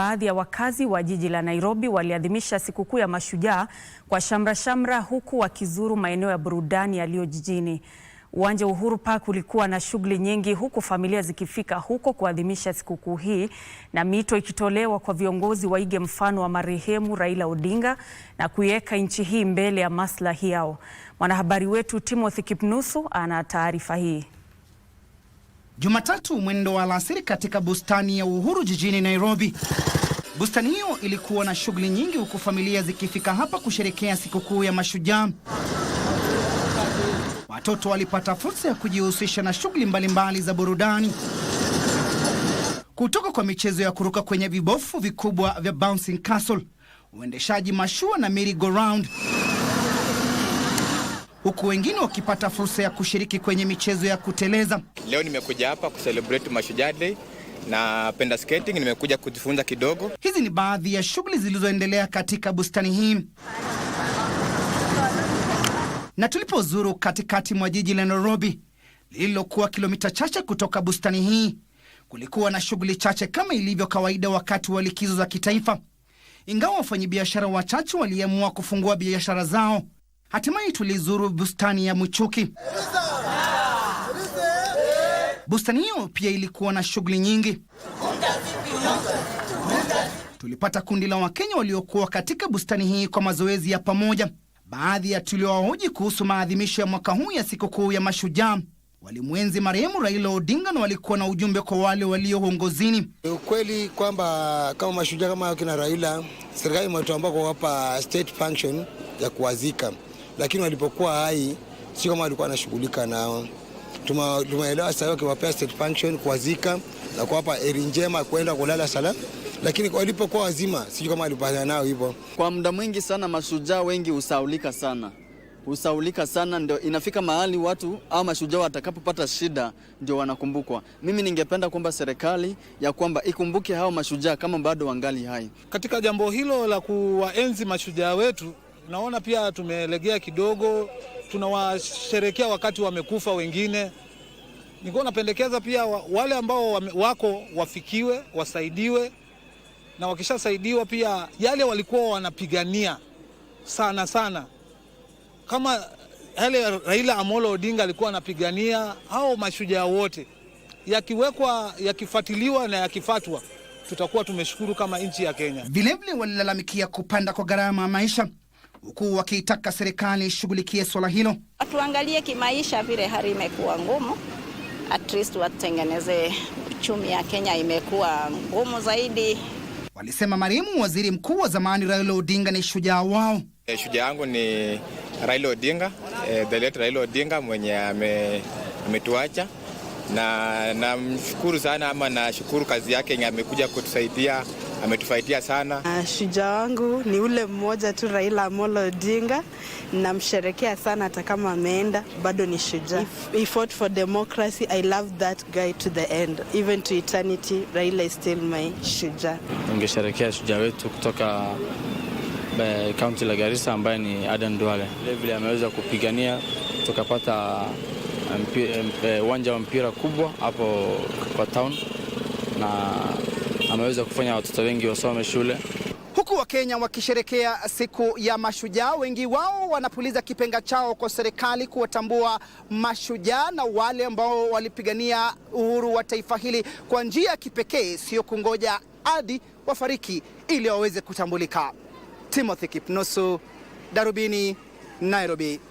Baadhi ya wakazi wa jiji la Nairobi waliadhimisha sikukuu ya Mashujaa kwa shamra shamra huku wakizuru maeneo ya burudani yaliyo jijini. Uwanja Uhuru Park ulikuwa na shughuli nyingi huku familia zikifika huko kuadhimisha sikukuu hii na mito ikitolewa kwa viongozi waige mfano wa marehemu Raila Odinga na kuiweka nchi hii mbele ya maslahi yao. Mwanahabari wetu Timothy Kipnusu ana taarifa hii. Jumatatu mwendo wa alasiri katika bustani ya Uhuru jijini Nairobi. Bustani hiyo ilikuwa na shughuli nyingi huku familia zikifika hapa kusherekea sikukuu ya Mashujaa. Watoto walipata fursa ya kujihusisha na shughuli mbalimbali za burudani kutoka kwa michezo ya kuruka kwenye vibofu vikubwa vya bouncing castle, uendeshaji mashua na merry go round huku wengine wakipata fursa ya kushiriki kwenye michezo ya kuteleza. Leo nimekuja hapa kucelebrate Mashujaa Day na penda skating, nimekuja kujifunza kidogo. Hizi ni baadhi ya shughuli zilizoendelea katika bustani hii na tulipozuru katikati mwa jiji la Nairobi lililokuwa kilomita chache kutoka bustani hii, kulikuwa na shughuli chache kama ilivyo kawaida wakati wa likizo za kitaifa, ingawa wafanyabiashara wachache waliamua kufungua biashara zao. Hatimaye tulizuru bustani ya Muchuki. Bustani hiyo pia ilikuwa na shughuli nyingi. Tulipata kundi la Wakenya waliokuwa katika bustani hii kwa mazoezi ya pamoja. Baadhi ya tuliowahoji kuhusu maadhimisho ya mwaka huu ya sikukuu ya Mashujaa walimwenzi marehemu Raila Odinga na walikuwa na ujumbe kwa wale walio uongozini. ukweli kwamba kama mashujaa kama kina Raila, serikali imetuambia kuwapa state function ya kuwazika lakini walipokuwa hai si kama walikuwa wanashughulika nao. Tumeelewa sasa wakiwapea state function, kuwazika na kuwapa heri njema kwenda kulala sala lakini walipokuwa wazima si kama walipana nao hivyo. Kwa muda mwingi sana mashujaa wengi husaulika sana husaulika sana, ndio inafika mahali watu au mashujaa watakapopata shida ndio wanakumbukwa. Mimi ningependa kwamba serikali ya kwamba ikumbuke hao mashujaa kama bado wangali hai katika jambo hilo la kuwaenzi mashujaa wetu naona pia tumelegea kidogo, tunawasherekea wakati wamekufa wengine. Nilikuwa napendekeza pia wale ambao wako wafikiwe, wasaidiwe, na wakishasaidiwa pia yale walikuwa wanapigania sana sana, kama yale Raila Amolo Odinga alikuwa anapigania, au mashujaa wote yakiwekwa, yakifuatiliwa na yakifatwa tutakuwa tumeshukuru kama nchi ya Kenya. Vilevile walilalamikia kupanda kwa gharama ya maisha huku wakiitaka serikali ishughulikie swala hilo. Watuangalie kimaisha vile hali imekuwa ngumu, at least watengeneze uchumi ya Kenya imekuwa ngumu zaidi, walisema marehemu waziri mkuu wa zamani Raila Odinga ni shujaa wao. E, shujaa yangu ni Raila Odinga, e, the late Raila Odinga mwenye ametuacha ame na namshukuru sana ama nashukuru kazi yake yenye amekuja kutusaidia ametufaidia sana. Uh, shujaa wangu ni ule mmoja tu, Raila Amolo Odinga. Namsherekea sana, hata kama ameenda bado ni shujaa. He fought for democracy. I love that guy to the end, even to eternity. Raila is still my shujaa. Ningesherekea shujaa wetu kutoka kaunti eh, la Garissa ambaye ni Aden Duale. Vilevile ameweza kupigania tukapata eh, eh, uwanja wa mpira kubwa hapo kwa town na ameweza kufanya watoto wengi wasome shule. Huku Wakenya wakisherekea siku ya mashujaa, wengi wao wanapuliza kipenga chao kwa serikali kuwatambua mashujaa na wale ambao walipigania uhuru wa taifa hili kwa njia ya kipekee, sio kungoja hadi wafariki ili waweze kutambulika. Timothy Kipnusu, Darubini, Nairobi.